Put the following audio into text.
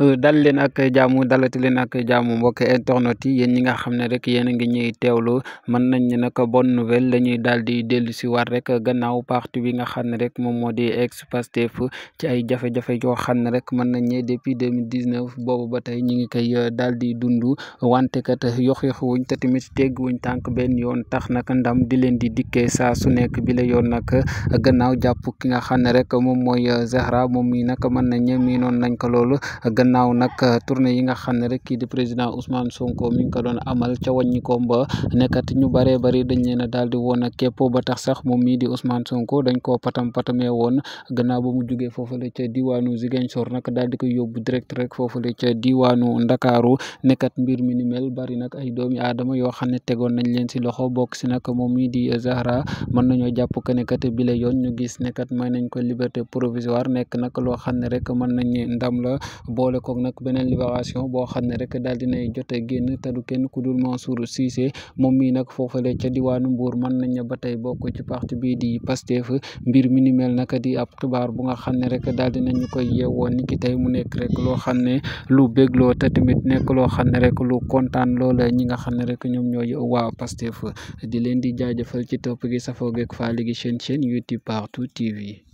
Euh, dal leen ak jaamu dalati leen ak jaamu mbokk internet yi yéen ñi nga xam ne rek yéen a ngi ñuy teewlu man nañ ne nag bonne nouvelle la ñuy daal di dellu si waat rek gannaaw parti bi nga xam ne rek moom moo di ex-Pastef ci ay jafe-jafe yoo xam ne rek mën nañ ne depuis deux mille dix neuf boobu ba tey ñu ngi koy euh, daal di dundu wante kat yox yox wuñ te tamit tegg wuñ tànk benn yoon tax nag ndam di leen di dikke saa su nekk bi la yoon nag gannaaw jàpp ki nga xam ne rek moom mooy euh, Zahra moom mi nag mën nañ ne miinoon nañ ko loolu. gannaaw nag euh, tournée yi nga xam ne rek kii di président Ousmane Sonko mi ngi ko doon amal ca wàññi ko ba nekkat ñu baree bari dañ leen a daal di woon a képp ba tax sax moom mii di Ousmane Sonko dañ koo patam patamee woon gannaaw ba mu jugee foofule ca diwaanu Ziguinchor nag daal di ko yóbbu direct rek foofule ca diwaanu Ndakaaru nekkat mbir mi ni mel bari nag ay doomi aadama yoo xam ne tegoon nañ leen si loxo bokk si nag moom mii di Zahra mën nañoo jàpp que ne kat bi yoon ñu gis ne kat may nañ ko liberté provisoire nekk nag loo xam ne rek mën nañ ndam la boole koog nag beneen libération boo xam ne rek daal dinay jote génn te du kenn ku dul Mansour Cissé moom mii nag foofale ca diwaanu mbuur mën nañ ba tey bokk ci parti bii di Pastef mbir mi ni nag di ab xibaar bu nga xam ne rek daal dinañu koy yeewoon ni ki tey mu nekk rek loo xam ne lu bégloo te tamit nekk loo xam ne rek lu kontaan loola ñi nga xam ne rek ñoom ñooy waa Pastef di leen di jaajëfal ci topp gi safoo geeg faali gi chaîne chaîne YouTube Partout TV